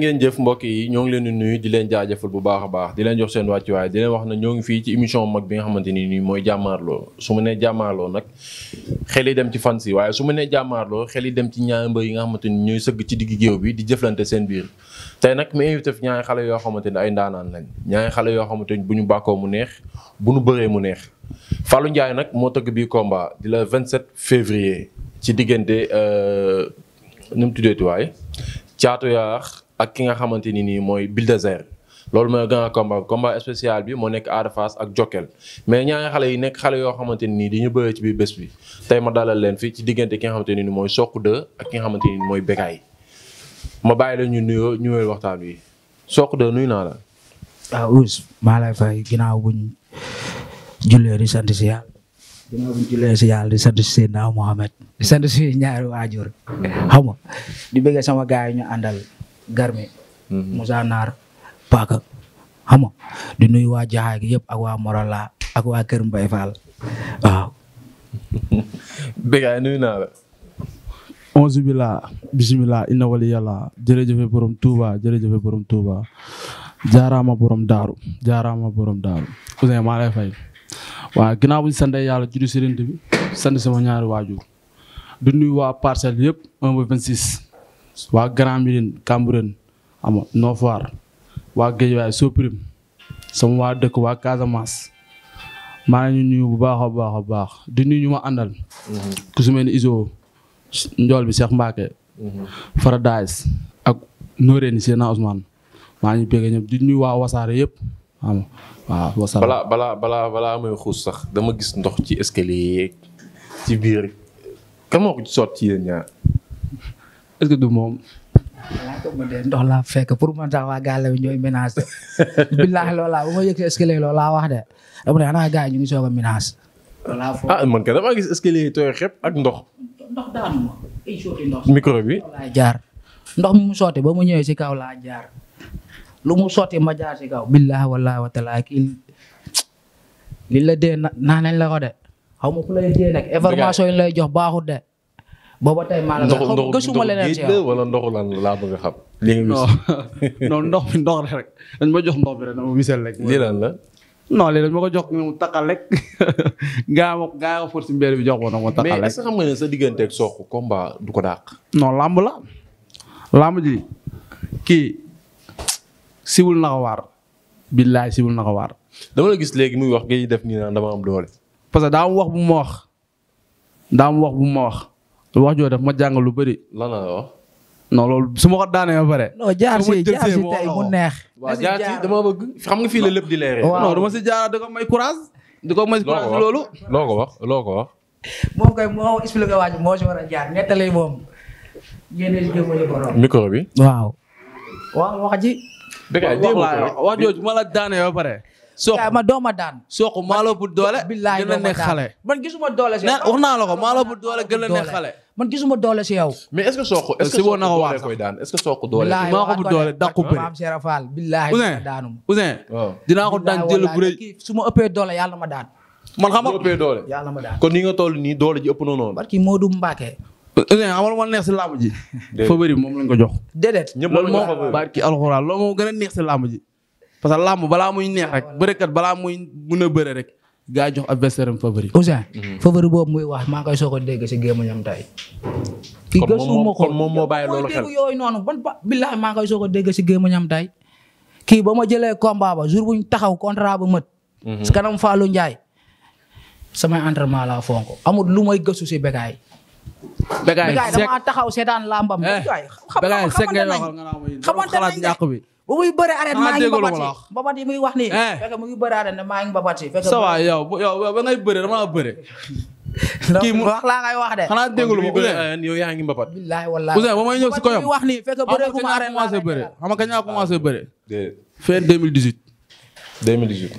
ngeen jëf yi ñoo ngi leen di nuyu di leen jaajëfal bu baax a baax di leen jox seen wàccuwaay di ñoo ngi fii ci émission mag bi nga xamante ni mooy jàmmaarloo su ma nee jàmmaarloo nag xel dem ci fans yi waaye su ma nee xel yi dem ci ñaari mbër yi nga xamante ni ñooy sëgg ci digg géew bi di jëflante seen biir tey nag mu invité fi ñaari xale yoo xamante ni ay ndaanaan lañ ñaari xale yoo xamante ni bu ñu bàkkoo mu neex bu ñu bëree mu neex Fallou Ndiaye nag moo tëgg bii komba di la le 27 février ci diggante euh, nu mu tuddeeti waay Caatu Yaax ak ki nga xamante ni nii mooy Bulldozer loolu mooy grand combat combat spécial bi moo nekk Ada Fass ak Jokkel mais ñaari xale yi nekk xale yoo xamante ni nii dañu bëree ci biir bés bi tey ma dalal leen fii ci diggante ki nga xamante ni mooy Sokh 2 ak ki mooy Bécaye ma bàyyi la ñu nuyoo ñëwee waxtaan wi Sokh 2 nuyu naa la. waaw ah, Ousse maa lay fay ginnaaw bu ñu di sant si yàlla. di sant si Seydina Mohamed di sant si ñaari waajur xam nga di bëgg sama gaay yi ñu àndal. garmi mhm. Moussa Naar Paaka xam nga di nuyu waa Jaxaay gi yëpp ak waa Morola ak waa Kër Mbay Fall waaw. Bégaay nuyu naa la. onze bila bisimilah inna wali yàlla jërëjëfe borom Touba jërëjëfe borom Touba jaaraama borom daaru jaaraama borom daaru Ousseyn maa lay fay waaw ginnaaw bu ñu sant yàlla juddu si rent ñaari waajur du nuyu waa parcelle yëpp 1 ba 26 waa Grand Médine Cambérène ama Nord Foire waa Guédiawaye Soprim sama waa dëkk waa Casamance maa ngi nuyu bu baax a baax a baax di nuyu ñu ma àndal. Mhm. ku su mel ni Iso njool bi seex Mbacke. Mhm. Faradaas ak Noreyni Seydina Ousmane maa ngi bëgg ñëpp di nuyu waa wasaare yëpp xam waaw wasaare. balaa balaa balaa balaa xuus sax dama gis ndox ci escalier yeeg ci biir kan moo ko ci sotti yéen est-ce que fekk pour man sax waa gàll bi ñooy menace. billahi wax de dama ne ah, jaar ndox mi mu sotti ba mu ñëwee si kaw laa jaar lu mu sotti ma jaar si kaw. billahi wallahi wa taala kii li dee na la ko de. xaw ma ku lay dee nag information yi lay jox baaxut de. booba tey maa la a xam. li nga wis non ndox mi ndox rek dañ ma jox ndox bi rek dama ma ko jox mu takkal rek gaa ma gaa ma force bi jox ko nag ma sa diggante ak Sokh combat du ko dàq. non làmb la làmb ji kii siwul na ko waar. siwul na ko waar. dama la gis léegi muy wax ngay def nii naan dama am doole. parce daa am wax bu ma wax daa am wax bu ma wax. wax joo daf ma jàngal lu bëri. la wax. non loolu su ma ko daanee ba pare. non jaar si jaar si tey mu neex. la lépp di leeree. non dama si jaar da ko may courage. di loo ko wax loo ko wax. moom kay moo moo si war a jaar nettali moom. génne jëmale ko roon. micro bi. waaw. waaw wax ji. dëgg la jéem a wax jooju ma la daan. soq maa la doole. gën a nekk xale. man gisuma doole si. wax naa la ko maa doole gën a nekk xale. man ki suma doole si yow. mais est ce que Sokh est ce que Sokh doole koy daan est ce que Sokh doole. maa ko bu doole dàqu bëri maam daan jël bu rëy su ma ëppee doole yàlla ma daan. man xam nga ëppee doole yàlla ma kon ni nga toll nii doole ji ëpp na noonu. barki Modou mbaake Ouzin xamal ma neex si làmb ji. fa bëri moom lañ ko jox. déedéet ñëpp loolu moo barki alxuraan loolu moo gën a neex si làmb ji parce que làmb balaa muy neex rek bërekat balaa muy mun a bëre rek gaa yi jox adversaire am favori. Ousseyn. Mhm. favori boobu muy wax maa ngi koy a dégg si gémmiñam tey. ki gëstu ma ko kon moom moo yooyu noonu ba billahi maa ngi koy a dégg si gémmiñam tey. kii ba ma jëlee combat ba jour buñ taxaw contrat ba mët. si mhm. kanam Fallou Ndiaye. samay entraînement laa fonk amul lu may gëstu si Bécaye. Bécaye Seck damaa taxaw seetaan làmbam. Bécaye eh, Seck ngay nga naan xalaat ñàkk ba ah, eh. muy bëre arène maa ngi babati babat muy wax ni fekk mu ngi bëre arène ne maa ba ngay bëre dama la bëre. kii mu wax laa ngay wax de. xanaa déglu ma Ousseyn yow yaa ngi mbapat. billaahi ba may ñëw si koyam. wax nii fekk bëre ku ma arène maa ngi bëre xam nga kañ laa commencé ah. bëre. fin 2018.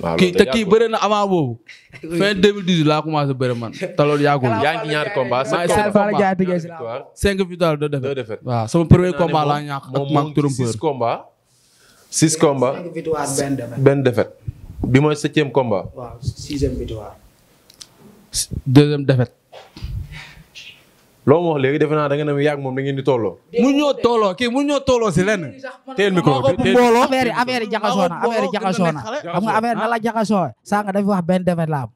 2018 waaw kii te kii bëre na avant boobu. fin 2018 laa commencé bëre man te loolu yàggul. yaa ngi ñaari combat cinq victoire deux défaites waaw sama premier combat laa ñàkk ak six combats benn défaite bi mooy septième combat. waaw sixième deuxième défaite. loo ma wax léegi defe naa da nga ne ma yàgg moom da ngeen di tolloo. mu ñoo tolloo kii mu ñoo tolloo si lenn. teel mi ko teel mbooloo affaire yi affaire yi jaxasoo na affaire yi jaxasoo na xam nga affaire nga benn défaite la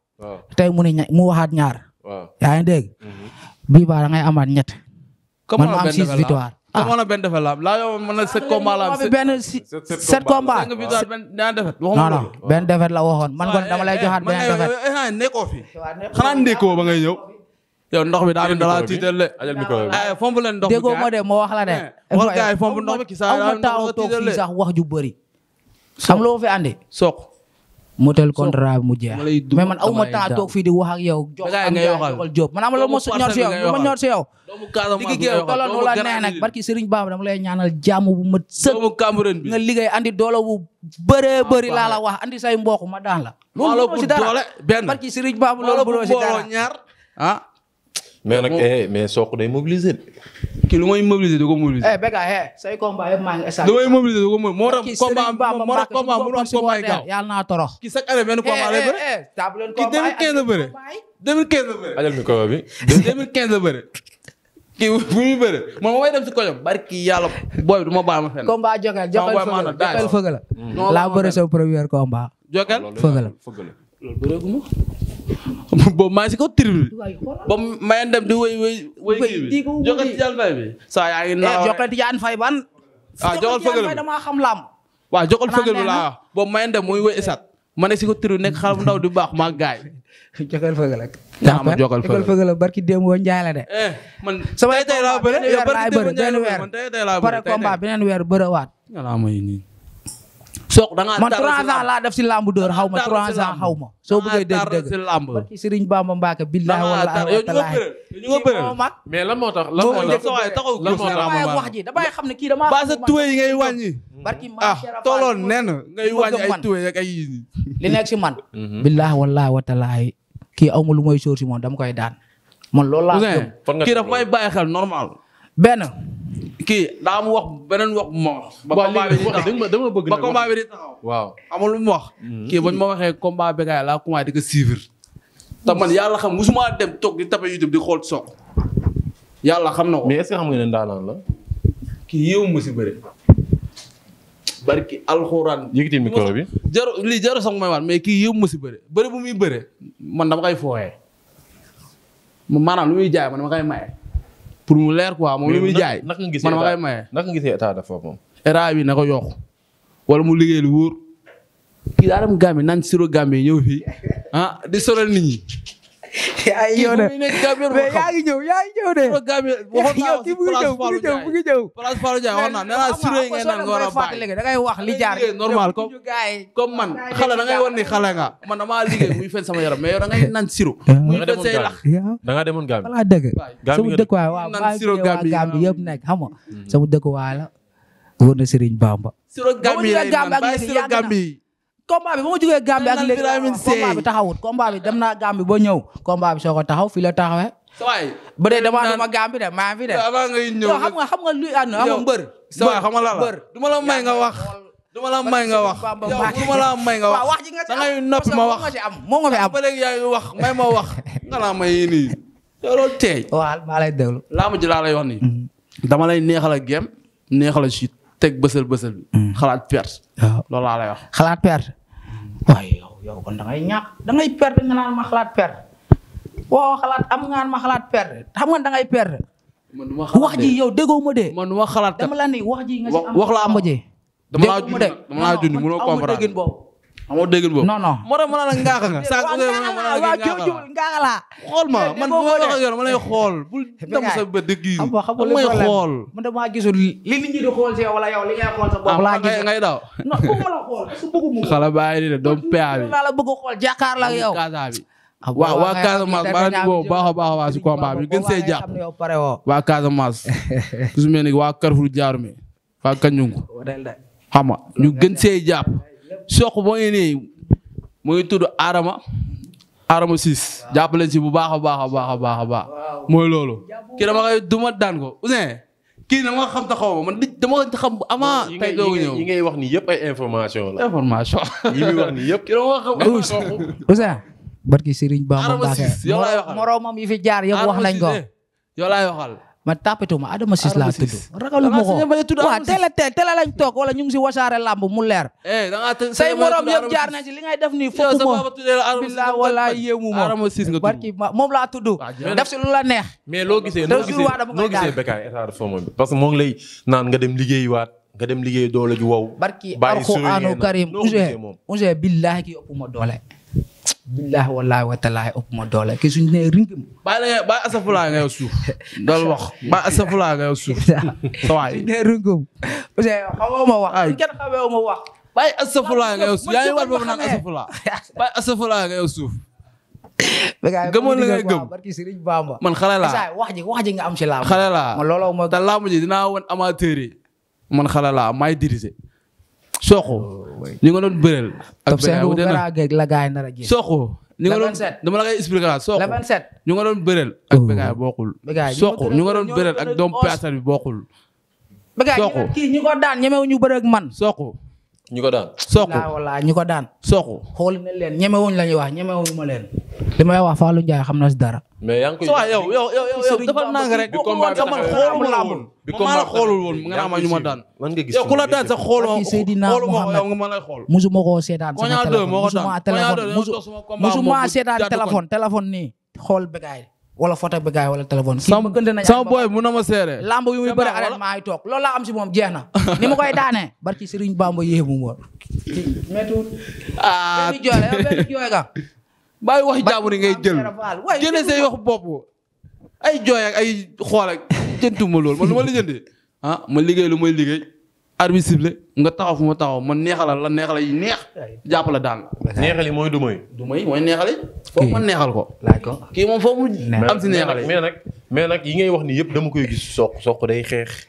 tey mu ne mu waxaat ñaar. waaw yaa ngi dégg. Mhm. bii ba ñett. man ma am six victoire. dama ah. la benn defet la am laa yow man na sept combat la am benn sept benn defet la waxoon man kon eh, dama lay eh, joxaat benn defet eh, nekkoo fi xanaa ndékkoo ba ñëw yow ndox mi daa mel da laa tiital de. ay fomp leen ndox mi déggoo ma de ma wax la de. wala gars yi ndox mi kii sax am na ju bëri. xam loo fi andi mu teel contrat bi mu jeex. ma temps toog fii di wax ak yow. jox am joxal job man amul ma ñor si yow ma ñor si yow. digg géew tolloon nu a nee nag barki Serigne Bamba dama lay ñaanal jàmm bu ma sëg nga liggéey andi doole bu bëree ah, bëri laa la andi say mbokk ma daan la. loolu bu doole benn barki Serigne Bamba loolu bu doole si dara mais nag eh mais Sokh day mobiliser lu may mobiliser du ko mobiliser. eh Béga eh say combat yëpp maa ngi échangé. naa torox. ki chaque année benn combat lay eh, eh, bëre. Eh, kii 2015 la bëre. 2015 la bëre. ajal micro bi. 2015 la bëre. kii bu muy bëre man ma may dem si koñam barki yàlla boobu maa ngi si kaw tribune ba mayen dem di wéy wéy wéy kii bi jaan fay saa yaa eh, ngi naaw jokkati ban ah jokkal fëgal bi xam lamb waaw jokkal fëgal bi laa wax boobu mayen dem muy wéy eh. esat ma ne si ko tribune nekk xale ndaw di baax maa gaay jokkal fëgal ak yaa ma jokkal fëgal barki démboo njaay la de eh, man sama tey tey laa bëre benn weer pare combat beneen weer bëre waat soog da ngaa man trois ans laa def si lamb dóor xaw ma trois ans xaw ma soo bëggee dégg dégg si lamb barki Serigne Bamba Mbacké billahi wallahi wa mais lan moo tax lan moo tax wax kii dama ba sa tuwe yi ngay wàññi barki ah, ma toloon nen ngay wàññi ay tuwe ak ay li nekk man mhm. billahi wallahi wa kii aw ma lu may sóor si moom dama koy daan man loolu laa kii daf may bàyyi xel normal benn kii daa mu wax beneen wax bu bëgg nag wax ba combat di taxaw. waaw lu mu wax. Mm-hmm. kii ba ñu ma waxee combat bi kaay laa commencé di ko suivre. te man yàlla xam musuma dem toog di tapé YouTube di xool Sokh. yàlla xam na ko. mais est xam nga ndaanaan la. kii yéewu ma si bëre. barki alxuraan. yëkkati micro bi. jaru lii jaru sax may waat mais kii yéewu ma si bëre bëre bu muy bëre man dama koy fooyee. maanaam lu muy jaay man dama koy maye. pour mu leer quoi moom li muy jaay. naka nga gisee man ma koy maye. naka nga gisee état dafa moom. na ko yokk wala mu liggéey lu wóor kii daa dem nan naan siro Gambie ñëw fii ah di solal nit ñi. yaa ngi ñëw de mais yaa ngi ñëw yaa ngi ñëw de. yow kii mu ngi ñëw mu ngi wax naa yi ngay naan normal comme comme man xale da ngay wan ni xale nga man damaa liggéey muy fen sama yaram mais yow da ngay naan siro muy fen say lax da nga demoon Gambie siro Gambie Gambie yëpp nekk xam nga mm. siro Gambie combat bi ba a jógee Gambie ak léegi combat bi taxawut combat bi dem naa Gambie ba ñëw combat bi soo ko taxaw fii la taxawee. sawaay ba dee dama ma la may ma la may nga wax yow du ma la wax. waaw wax ji nga ci am ma wax. am ba léegi wax ma wax. nga laa may lay déglu. laa ma ji laa lay wax nii. Mm-hmm. dama lay neexal gem neexal a teg bësal bësal bi. Mm. xalaat perte. waaw loolu laa xalaat perte. Mm. waaye yow yow kon da ngay ñàkk da ngay perte nga naan ma xalaat perte. waaw xalaat am nga naan ma xalaat perte xam nga da ngay perte. man ma xalaat wax ji yow déggoo ma de. ma xalaat dama la ni wax ji nga ci am. wax la am ma de. dama laa junj dama laa junj amoo déggul boobu non non. moo tax ma ne la ngaaxa nga. saa ko ngaaxa la xool ma man boo wax ak yoon ma lay xool. bul dem sa bët dëgg yi. may xool. man de maa gisul li nit ñi di xool si yow wala yow li ngay xool sa bopp laa gis ngay daw. non bëggu ma la xool parce que bëggu ma. xala bàyyi di ne doomu PA bi. la bëgg xool jàkkaar la ak yow. waa waa Casamance maa ngi woo baax a baax waa si combat bi gën see jàpp. waa Casamance. su ma nee waa Carrefour Diaroumé waa Kanjungu xam nga ñu gën see jàpp soq boo ngi nii mu ngi tudd Adama Adama Ciss jàppale si bu baax a baax a baax a baax a baax mooy loolu. kii dama koy duma daan ko Ouzin kii na ma xam taxaw ma man dama xam avant. tey doo ñëw yi ngay wax ni yëpp ay information la. information yi muy wax nii yëpp. kii dama xam Ouzin barki Serigne Bamba Mbacke. yow laay jaar wax nañ man tapetuma Adama Ciss laa tudd. ragalu ma ko waaw teel a teel teel a toog wala ñu ngi si wasaare lamb mu leer. Eh, say morom yëpp jaar na li ngay def nii fokkuma. bilaa wala yéemu ma barki ma moom laa tudd. def si lu la neex. mais loo gisee noo gisee noo gisee Bécaye état de forme bi parce que moo ngi lay naan nga dem liggéeyuwaat nga dem liggéey doole ju wow. barki alxuraanu karim Ouzin Ouzin billaahi ki ëpp ma doole. billahi wallahi wa taala ëpp ma doole suñ nee ringam. bàyyi la nga nga yow suuf. dool wax bàyyi asafulaa nga yow suuf. nga yow suuf yaa ngi naan asafulaa. bàyyi asafulaa nga yow gëmoon la ngay gëm barki Sëriñ Bamba nga am ci laa xale laa ji dinaa woon amateur yi man xale laa maay soxo ñi oh, nga doon bëreel. ak béykat soxo ñu nga doon dama la koy expliquer la soxo ñu nga doon bëreel. ak béykat bokkul. soxo ñu nga doon bëreel ak doomu piyaasar bi bokkul. soxo kii ñi ko daan ñemewu ñu bëreeg man. soxo ñu ko daan. soxo wala ñu ko daan. soxo xool na leen ñemewuñ la ñuy wax ñemewuñ ma leen. li may wax Fallou Ndiaye xam na si dara. mais yaa ngi koy. yow yow yow yow defal naa nga rek. bi combat bi man xooluma la woon. bi combat bi xoolul woon nga naa ma ñu ma daan. man nga gis yow ku la daan sax xooluma xooluma yow nga ma lay xool. musuma koo seetaan sama téléphone musuma téléphone musuma seetaan téléphone téléphone nii xool begaay wala photo begaay wala téléphone. sama sama boy mun na ma seere. lamb yu muy bëri arène maa ngi toog loolu laa am si moom jeex na ni ma koy daanee. barki Serigne Bamba yéemu ma. ah. benn jooy la benn jooy nga. bàyyi wax jàmbur yi ngay jël jëlee say wax bopp ay jooy ak ay xool ak jëntuma lool ma lu ma la jëndee ah ma liggéey lu may liggéey arbitre siffle nga taxaw fu ma taxaw man neexalal la neexala yi neex jàpp la daan neexali mooy du may du may mooy neexali foofu man neexal ko kii moom foofu am si neexale mais nag mais nag yi ngay wax nii yëpp dama koy gis soq soq day xeex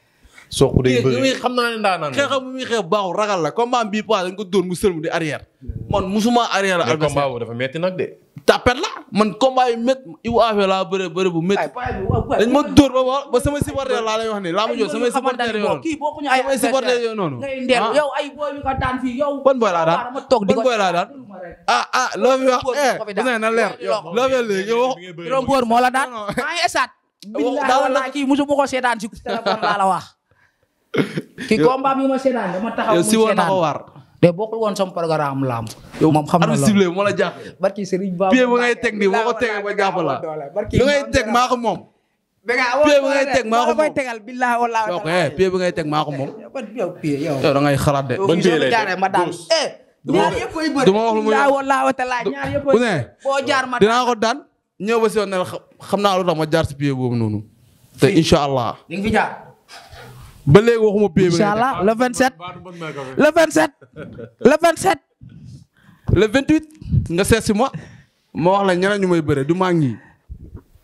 soq day bëri xam naa ne ndaanaan xeexam bu muy xeex baaxul ragal la combat bii paase dañ ko dóor mu sëlmu di arrière man musuma arrière ak combat bu dafa metti nag de. tapet la man combat yu métti Ibou laa bëre bëre bu métti. dañ ma ba ba ba samay laa lay wax laa ma jox samay supporter yooyu noonu ah. ban booy laa daan ah ah loo fi wax eh na leer loo fi léegi yow. juróom góor moo la daan maa ngi esaat. billahi la kii musuma ko seetaan si téléphone laa la wax. ki combat bi ma seetaan dama taxaw mu seetaan te bokkul woon sama programme lamb. yow xam na loolu moo la jàpp. barki Serigne Ba. pied ba ngay teg nii boo ko tegee ngay teg maa ko moom. pied ba ngay teg maa ko moom. ba ngay teg maa ko moom. yow da ngay xalaat de. Eh, ne dinaa ko daan ñëw ba si woon ne xam naa lu tax ma jaar si pied boobu noonu. te incha allah. ba léegi waxuma pay incha allah le 27. le 27. le 27. le 28 nga seet si ma ma wax la ñeneen ñu may bëre du maa ngi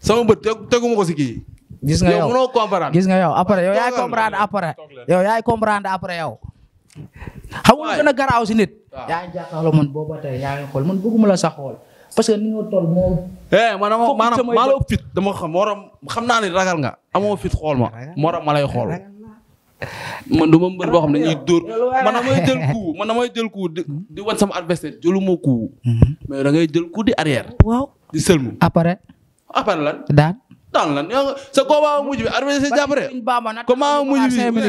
sama bët tegu ko si kii. gis nga yow mënoo comprendre gis nga yow après yow yaay comprendre après yow yaay comprendre après xam nga lu a garaaw man booba tey xool man bëgguma la sax xool parce que ni nga toll eh, naa ne ragal nga amoo fit xool ma moo tax ma lay xool. man du ma mbër boo xam ne dañuy dóor man damay jël coup man damay jël coup di wan sama adversaire jëluma coup. Mhm. mais da ngay jël coup di arrière. waaw di sëlmu. après. après lan daan. daan lan yow sa combat mujj bi arbitre sa jàppare combat mujj bi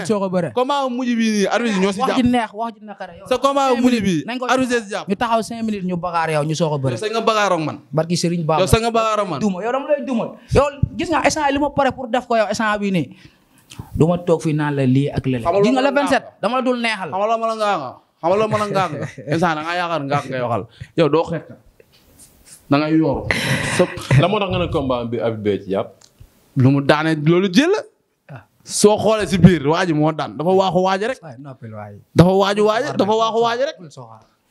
combat mujj bi nii arbitre ñoo si jàpp wax ji neex wax ji naqare yow sa combat mujj bi arbitre si jàpp ñu taxaw cinq minutes ñu bagaar yow ñu soog a bëre sa nga bagaar ak man barki Serigne Bamba yow sa nga bagaar ak man duma yow dama lay duma yow gis nga instant li ma pare pour def ko yow instant bi nii du ma toog fii naan la lii ak lële. xam nga nga la 27 dama la dul neexal. xam nga mën a ngaanga xam a ngaanga instant da ngaa yaakaar ngaak yoru. tax nga ne bi Habib Beye lu mu daane loolu jël ah. soo xoolee si biir waaji moo daan dafa waaxu waaji rek. dafa waaju waaji dafa waaxu waaji rek.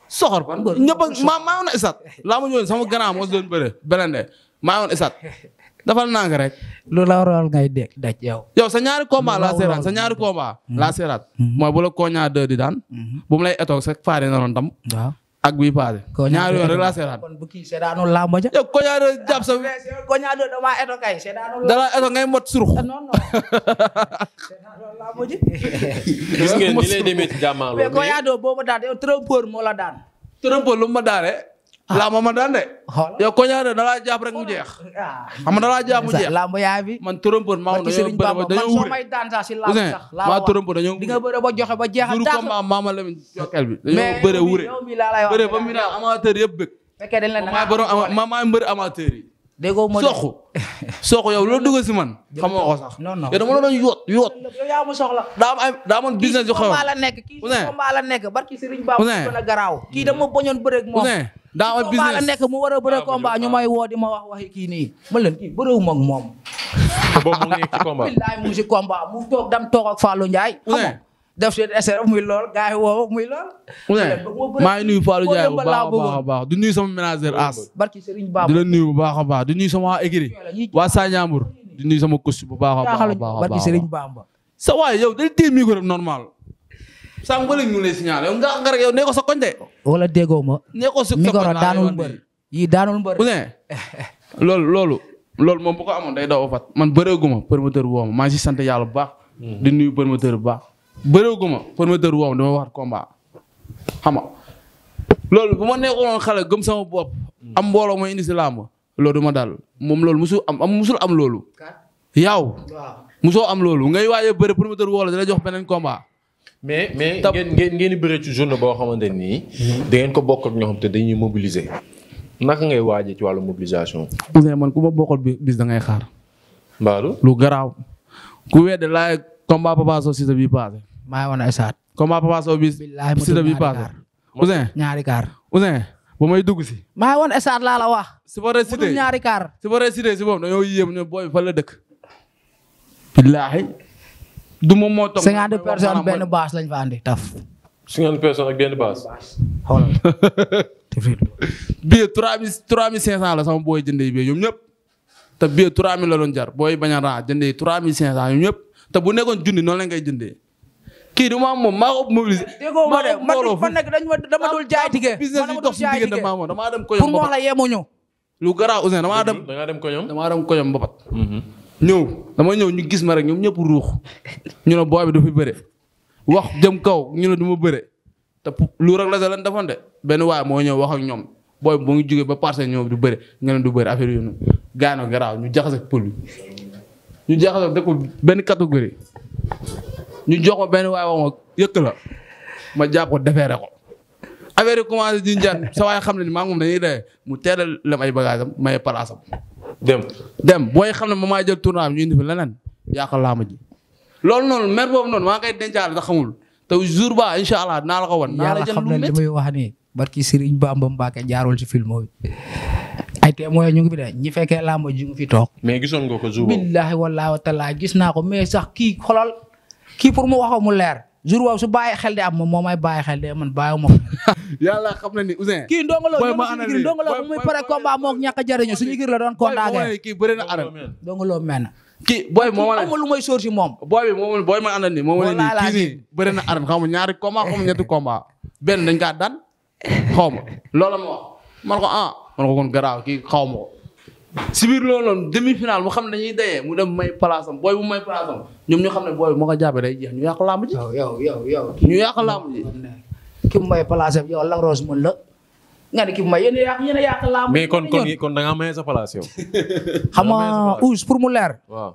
soxor kon ñëpp maa isat laa ma ñëwoon sama gànnaaw moo si doon bëre isat dafal nang rek. lu la waral ngay de daj yow. sa ñaari combat laa seeraat mm-hmm. mm-hmm. mooy bu la Kogna daan. Mm-hmm. bu mu lay etoog sa faare na doon tam. waaw ak bii paase. ñaari yoon rek laa seeraat. yow Kogna 2 jàpp sa. Ah, Kogna 2 damaa etoog kay seetaanul. dala ngay mot surux. Ah, Ah. làmb ma daan de. yow koñaare da laa jàpp rek mu jeex. Ah. xam nga da laa jàpp mu jeex. làmb yaa bi man trompeur maa ngi dañoo bëre ba dañoo wuure. Ousseyn maa trompeur dañoo wuure. di nga bëre ba joxe ba jeexal dara juru combat maama Lamine ba mi naa amateur yëpp bëgg. la maa borom ama maa mbër amateur yi. ma soxu soxu yow loolu dugg si man. xamoo ko sax non non yow dama la doon yoot yoot. yow yaa ma soxla. daa am business yu xew. kii combat la nekk kii combat la a daa am business la nekk mu war a bëre combat ñu may woo di ma wax waxi kii nii ma leen kii bëreewuma ak moom. boobu mu ngi ci mu ci combat mu toog dam toog ak Fallou Ndiaye. xam nga def seen SRF muy lool gars yi muy lool. maa ngi nuyu Fallou Ndiaye bu baax a baax du nuyu sama ménagère As. Ba a du nuyu sama waa Ekiri waa Sanjambour sama coach bu baax a baax a baax barki Serigne Bamba sa waay yow dañ normal sànq ba léegi ñu nga rek yow nee ko sa wala déggoo ma. nee ko sa koñ micro daanul mbër yii daanul mbër. bu ne loolu loolu. moom bu ko amoon day daw man bëreeguma promoteur woo ma maa ngi si sant yàlla bu baax. di nuyu promoteur bu baax. bëreeguma promoteur woo ma dama waxat combat xam nga loolu bu ma nekkoon xale gëm sama bopp. am mbooloo mooy indi làmb loolu duma dal loolu musul am musul am loolu. yaaw musoo am loolu ngay waaye bëri promoteur woo la dina jox beneen combat. mais mais ngeen ngeen ngeen di bëree ci journée boo xamante nii. da ngeen ko bokk ak ñoo xam te dañuy mobiliser. naka ngay waajee ci wàllu mobilisation. Ousseyn man ku ma bokkal bis da ngay xaar. mbaalu lu garaaw. ku wedde laay combat Papa Sow Siteu bi passé. maa ngi woon ay saat. combat Papa Sow bi Siteu bi ñaari kaar Ousseyn ba may dugg si. maa ngi woon esaat laa la wax. si booree Siteu ñaari kaar. si booree Siteu si boobu dañoo yéem ne booy fa la dëkk. billaahi. du moom moo toog. cinquante personnes benn baas lañ fa taf. cinquante personnes ak baas. xoolal. billet trois mille trois mille cinq cent la sama booy jëndee billet ñoom ñëpp. te billet trois a raa jëndee trois mille cinq cent ñoom ñëpp te bu nekkoon junni noonu la ngay jëndee. kii du ma am moom maa ko mobilisé. maa de mbooloo fu dama dul jaay tigé. business yi dox si diggante maa moom damaa dem koñom. pour mu wax la yemuñu. ñëw dama ñëw ñu gis ma rek ñoom ñëpp ruux ñu ne booy bi dafa bëre wax jëm kaw ñu ne du ma bëre te lu rek la sa lan defoon de benn waaye moo ñëw waxoo ñoom booy bi moo jógee ba parcelle ñoom du bëre nga ne du bëre affaire yooyu noonu gaano garaaw ñu jaxase ak ñu jaxase dëkk benn catégorie ñu jox ko benn waaye wax ma yëkk ma jàpp ko defeere reko affaire yi commencé di njaan xam ne ni maa moom dañuy dee mu teelal lam ay bagage am maye dem dem booy xam ne maa jël tournoi bi ñu indi fi leneen yaakaar laama ji. loolu noonu mer boobu noonu maa ngi koy dencaale te xamul te jour ba incha allah naa la ko wan. naa la jël lu métti yàlla xam na li muy wax nii barki Serigne Bamba Mbacke jaarul ci film bi. ay témoin ñu ngi fi de ñi fekkee làmb ji ngi fi toog. mais gisoon nga ko jour billaahi wallaahi wa taala gis naa ko mais sax ki xolal ki pour mu wax mu leer. jour waaw su bàyyi xel de am moom moo ay bàyyi xel de man bàyyi ma. yàlla xam na ni Ouzin. kii ndongolo ñoom ndongolo bu muy pare combat moog ñàkk a jëriñu suñu kii la doon kontaagee. kii bëri na aral ndongolo mel na. kii booy bi moom amul lu may sóor si moom. booy bi moom booy ma àndal nii moom la nii kii nii bëri na aral xaw ma ñaari combat xaw ma ñetti combat benn dañ kaa daan xaw ma loolu ma wax man ko ah man ko kon garaaw ki xaw ma si biir loolu noonu demi final mu xam ne dañuy dayee mu dem may palaasam booy bu may palaasam ñoom ñu xam ne booy bu ma ko jàppee day jeex ñu yàq làmb ji. yow yow yow ñu yàq làmb ji. ki mu may palaasam yow la Rose la. nga ne ki mu may yéen a yàq yéen a yàq kon kon kon da ngaa maye sa palaas yow. xam nga Ousse pour mu leer. waaw.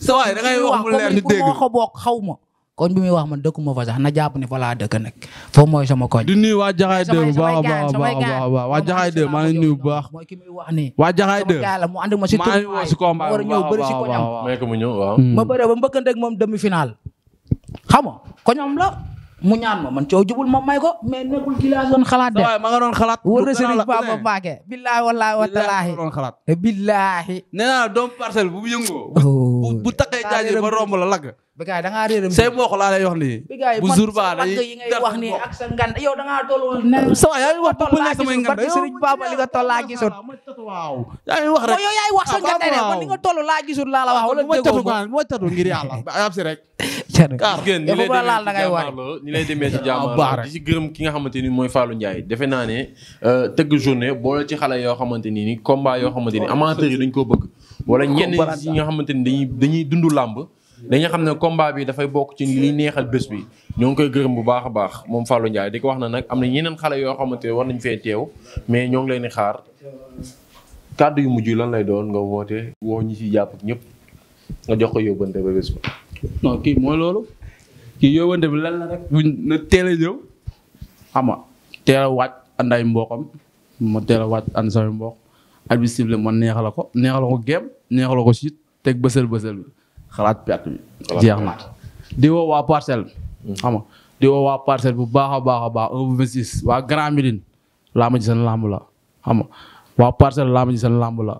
sa waay da ngay wax mu leer di dégg xaw ma. koñ bi muy wax man dëkkuma fa sax na jàpp ne fa laa dëkk nag foofu mooy sama koñ. di nuyu waa Jaxaay de bu baax a baax a baax waa Jaxaay de baax. mooy ki wax nii. ma bëree ba mbëkkante ak moom demi final. xam nga koñam mu ñaan ma man coow jubul ma may ko mais nekkul ki laa doon de. waaye ma nga doon xalaat. wër na Serigne Bamba Mbacké. billaahi wallaahi wa talaahi. billaahi. nee naa doom parcelle bu yëngoo. Oh. bu bu taqee ba romb la Bécaye da ngaa réeram say mbokk laa lay wax nii. bu jour ba dañuy dara wax nii sa ngan yow da ngaa tollul. sama laa gisul. waaw yaa ngi wax rek ah, yow yaay wax laa gisul laa la wax wala ah, déggoo ko mooy tatu ngir yàlla ab si rek. gën ñi lay demee ñi lay demee ci ah, jàmmaarloo di ci gërëm ki nga xamante ni mooy Fallou njaay defe naa ne euh, tëgg journée boole ci xale yoo xamante ni ni combat yoo xamante ni amateurs yi dañ koo bëgg wala ñenn yi nga xamante ni dañuy dañuy dund làmb dañu xam ne combat bii dafay bokk ci li neexal bés bi ñoo ngi koy gërëm bu baax a baax moom falu Ndiaye di ko wax na nag am na ñeneen xale yoo xamante war nañ fee teew mais ñoo ngi leen di xaar yu mujj lan lay doon nga woote woo ñi ci jàpp ñëpp jox ko yóbbante ba bés ba. non loolu kii yóbbante bi lan la teel a ñëw xam nga a waaj ànd ay mboqam ma teel a waaj ànd samay mboq at bi sifflé man neexal ko neexal ko gem neexal ko siit teg bësël bësël bi xalaat perte bi. jeex na di woo waa parcelle. xam nga di woo waa parcelle bu baax a baax a baax un bu 26 waa Grand Médine laa ma ji seen làmb la xam nga waa parcelle laa ma ji seen làmb la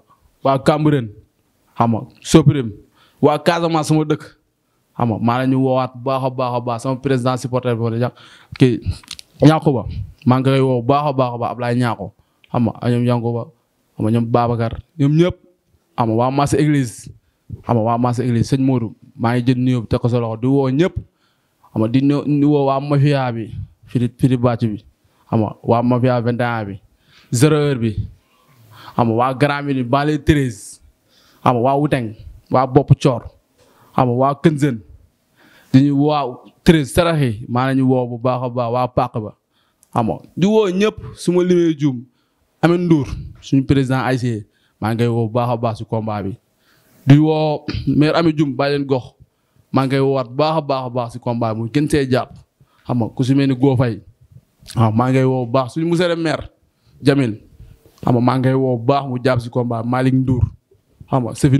waa Cambérène xam nga Soprim waa Casamance sama dëkk xam nga maa ngi leen ñu woowaat bu baax a baax a baax sama président supporter bi ma kii Ñaakuba maa ngi koy woo bu baax a baax a baax Ablaye Ñaako xam nga ñoom Ñaakuba xam nga ñoom Babacar ñoom ñëpp xam nga waa Massa église. xam nga waa Massa Église sëñ Modou maa ngi jël nuyoo teg ko sa loxo di woo ñëpp xam nga di nu woo waa mafia bi firi firi bàcc bi xam nga waa mafia 21 bi zero heure bi xam nga waa Grand Médine Bale Thérèse xam nga waa Wuteng waa Bopp Coor xam waa Kënzën di ñu waa Thérèse saraxi maa nañu woo bu baax a baax waa Pàq ba xam nga di woo ñëpp su ma limee juum nduur Ndour suñu président AIC e, maa ngi woo bu baax a baax si combat bi di woo maire Ami Dioum bàyyi leen gox maa ngi koy woowaat baax a baax a baax si combat mu gën see jàpp xam nga ku si mel ni Go maa ngi koy woo baax suñu mu le maire Jamil xam maa ngi koy woo baax mu jàpp si combat Malick Ndour xam xam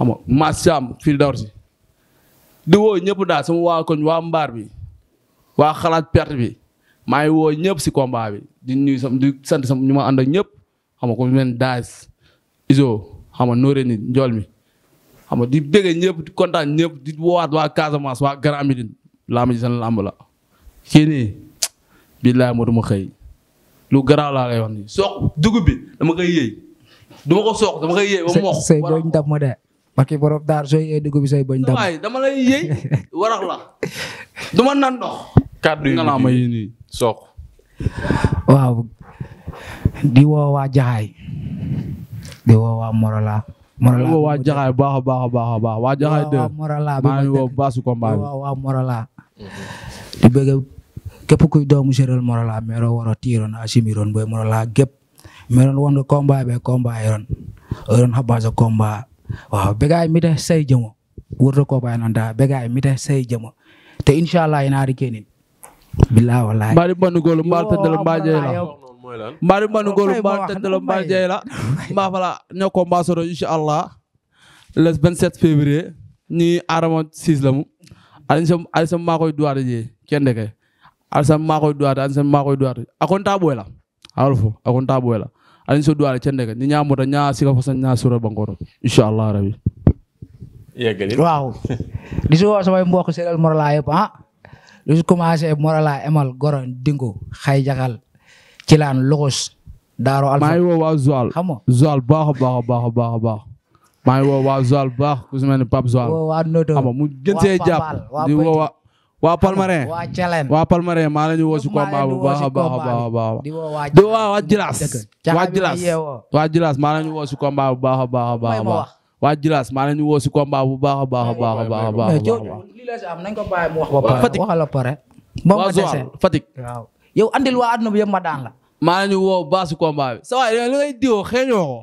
nga Mass Thiam fii dawr si di ñëpp daal sama waa waa mbaar bi waa xalaat perte bi maa ngi woo ñëpp si combat bi di nuyu sam di sant sam ñu ma ànd ak ñëpp xam nga ko mel Daas Iso xam nga nooree ni njool mi xam di bëggee ñëpp di kontaan ñëpp di woowaat waa Casamance waa Grand Médine lamb ji seen lamb la. kii duma xëy lu garaaw laa lay wax nii dugub bi dama koy yëy duma ko soq dama koy yëy ba mu say boñ dab ma de. parce que borom daar sooy yëy dugub bi say boñ dab. waaye dama lay yëy warax la duma nan ndox. kàddu yi nga laa ma yëy nii soq. waaw di woo waa Jaxaay di woo waa Morola. Morola woo waa Jaxaay baax a baax a baax a baax waa baasu combat bi waa Morola. Mm-hmm. di bëgg képp kuy doomu séeréer Morola meeroo waro tiiroon asimiroon booy Morola gépp meeroon won nga mite say jëmo wurto combat non da mite say jëmo te inshallah ina ari kenin billahi wallahi mbaɗi mbandu golu mbaɗo teddelo mbaɗo jeeyla mbafala ñokko mbasoro inchallah le 27 février ni arama sislamu alisam alisam ma koy duwaade je kende ke alisam ma koy duwaade alisam ma koy duwaade akon ta boyla alfo akon ta boyla alin so duwaade kende ke ni ñamota ña sika fasan ña sura bangoro inchallah rabbi yeggali waaw di si woo samay mbokk seeral morala yëpp ah lu si commencé morala emal goron dingo xay jaxal Kilaan Loxos. Daaro Alpha maa ngi woo waa Zoual. xam nga Zoual baax a baax a baax a baax a baax. maa ngi woo waa Zoual baax ku si mel ni Pape Zoual. waa Noto xam nga mu gën see jàpp di woo waa. waa Palmarin waa Thielène waa Palmarin maa la ñu woo si combat bu baax a baax a baax a baax di woo waa Jilas waa Jilas waa Jilas maa la ñu woo si combat bu baax a baax a baax a baax waa Jilas maa la ñu woo si combat bu baax a baax a baax a baax a baax lii la si am nañ ko bàyyi mu wax ba pare waxal ba pare ba mu dese Fatick waaw yow andil waa àdduna bi ma daan la. maa ñu woo baasu combat bi. sa waay diwoo xeeñoo ko.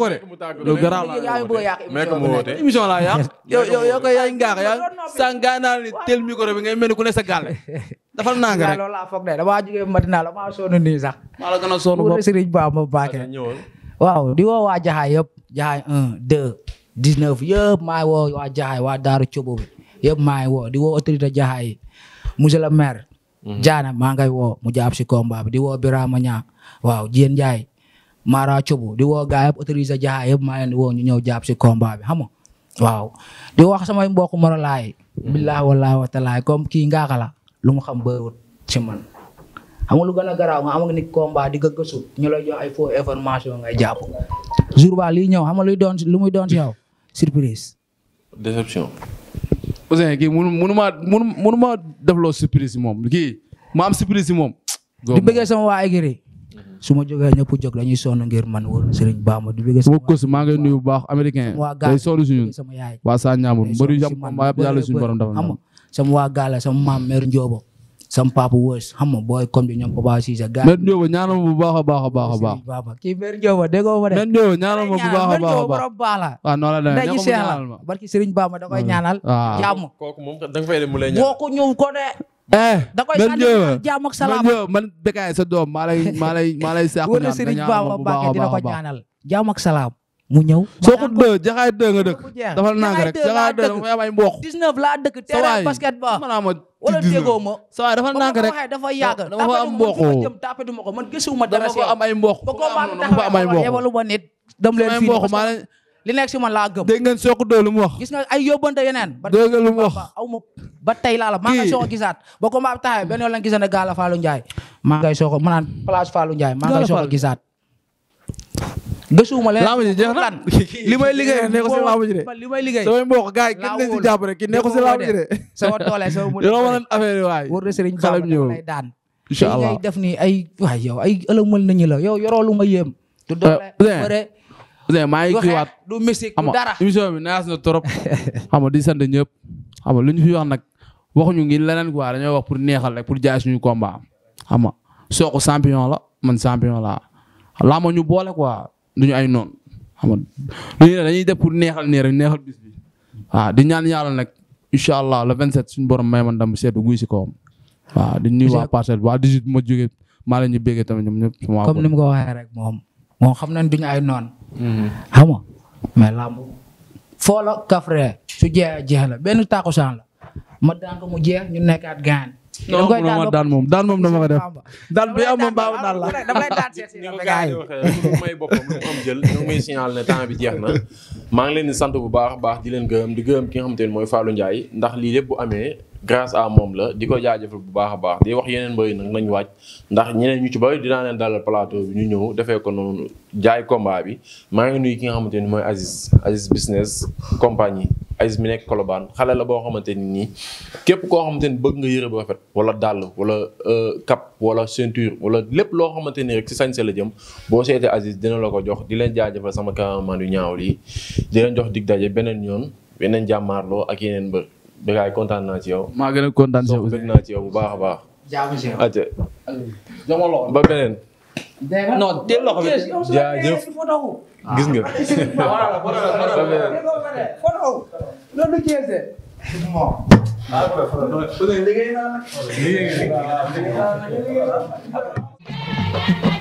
ko de. lu garaaw la yow yow yow kay yaa ngi ngaax bi ngay mel ku ne sa gàlle. dafa nang rek loolu laa foog de damaa jógee matinal damaa sonn nii sax. maa la gën a sonn bopp Serigne Ba waa Jaxaay yëpp Jaxaay 1 2 19 woo waa Jaxaay waa Daaru Cobo bi yëpp maa woo di woo autorité Jaxaay monsieur le maire. Mhm. jaana maa nga woo mu jaab si combat bi di woo Birama Niang waaw Dieng Ndiaye Mara Thiobu di woo gars yëpp autorisé jaa yëpp maa leen di woo ñu ñëw jaab si combat bi xam nga waaw di wax samay mbokk morolaay mhm. billaahi wallaahi wa taalaay comme kii ngaaka lu mu xam bëriwut ci man xam nga lu gën a garaaw nga am nga ni combat di gëgësu ñu lay jox ay faux information ngay jàpp jour ba lii ñëw xam luy doon lu surprise déception Ouzin kii munu munu maa munu munu maa def loo surprise si moom kii ma am surprise si moom. di bëggee sama waa Aigri. su ma jógee ñëpp jóg dañuy sonn ngir man wër Serigne Bamba di bëggee sama waa Kos maa ngi nuyu bu baax américain. waa Gaal day sonn suñu waa Sane Ndiambour mbëri yàlla suñu borom dafa sama waa Gaal sama maam mère Ndiobo. sam papa wës booy comme bi ñoom papa si sa gars. men Ndiobo ma bu baax a baax a baax a baax. kii Mbène Ndiobo déggoo ma de. men Ndiobo ñaanal ma bu baax a baax a baax. waaw ah, noonu la demee ñaanal ma ñaanal ma. barki Serigne Bamba da koy ah. ñaanal. waaw ah. jàmm kooku moom ko de. eh man Ndiobo man Ndiobo man Bécaye sa doom maa lay maa lay maa lay. saaku ñaan nga ma bu baax a baax wala Serigne mu ñëw soo ko dë jaxaay dë nga dëkk dafa nang rek jaxaay dë dafa mboq 19 laa dëkk terrain basket ba ma wala déggoo ma sa waay dafa nang rek dafa ma ko man gisuma dara dafa am ay mboq ma dafa am mboq yebalu ma nit dem ma li nekk si man laa gëm dégg ngeen soo ko dë gis nga ay yóbbante yeneen dégg nga lu mu ma ba tey laa la maa nga soo ko gisaat ma taxawee benn yoon lañ gisane ma naan place Fallou gëstuwuma leen laamu ji jeex na li may liggéey nekkul si laamu ji de li may liggéey samay mbokk gars yi kenn leen si jàpp rek ki nekkul si laamu ji de sama na sëriñ Bamba lay daan incha allah ngay ay waay yow ay ëlëmal nañu la yow yoroolu ma yéem du euh, doole bëre maa ngi kiiwaat du musique du dara émission bi naas na trop xam nga di sant ñëpp xam nga lu ñu fi wax nag waxuñu ngi leneen quoi dañoo wax pour neexal rek pour jaay suñu combat xam nga sooku champion la man champion la ñu boole quoi duñu ay noonu xam nga lu ñu dañuy def pour neexal nii rek neexal bis bi waaw di ñaan yàlla nag incha allah le 27 suñu borom may ma ndam seetu guy si kawam. waaw di nuyu waa parcelle waa 18 ma jógee maa leen ñu béggee tamit ñoom ñëpp. comme ni ko waxee rek moom moom xam nañ duñu ay noonu. Mhm. xam nga mais làmb foo la kafre su jeex jeex la benn taakusaan la ma daan mu jeex ñu nekkaat gaan non mënuma daan moom daan moom dama ko def daan bi am moom baaw daan la daan seet si may boppam mu am jël ñu may signal ne temps bi jeex na maa ngi leen di sant bu baax baax di leen gërëm di gërëm ki nga xamante ne mooy Fallou Ndiaye ndax lii lépp bu amee grace à moom la di ko jaajëfal bu baax a baax di wax yeneen mbëri nag nañu waaj ndax ñeen ñu ci bëri dinaa leen dalal plateau bi ñu ñëw defee ko noonu jaay combat bi maa ngi nuyu ki nga xamante ni mooy Aziz Aziz business compagnie Aziz mi nekk Colobane xale la boo xamante ni nii képp koo xamante ni bëgg nga yëre boo rafet wala dàll wala euh, cap wala ceinture wala lépp loo xamante ni rek ci sañse la jëm boo seetee Aziz dina la ko jox di leen jaajëfal sama cameraman yu ñaaw lii di jox dig daje beneen yoon beneen jàmmaarloo ak yeneen mbër Bécaye kontaan naa ci yow. maa gën a kontaan naa ci yow bu baax a baax. jaamu ci nga.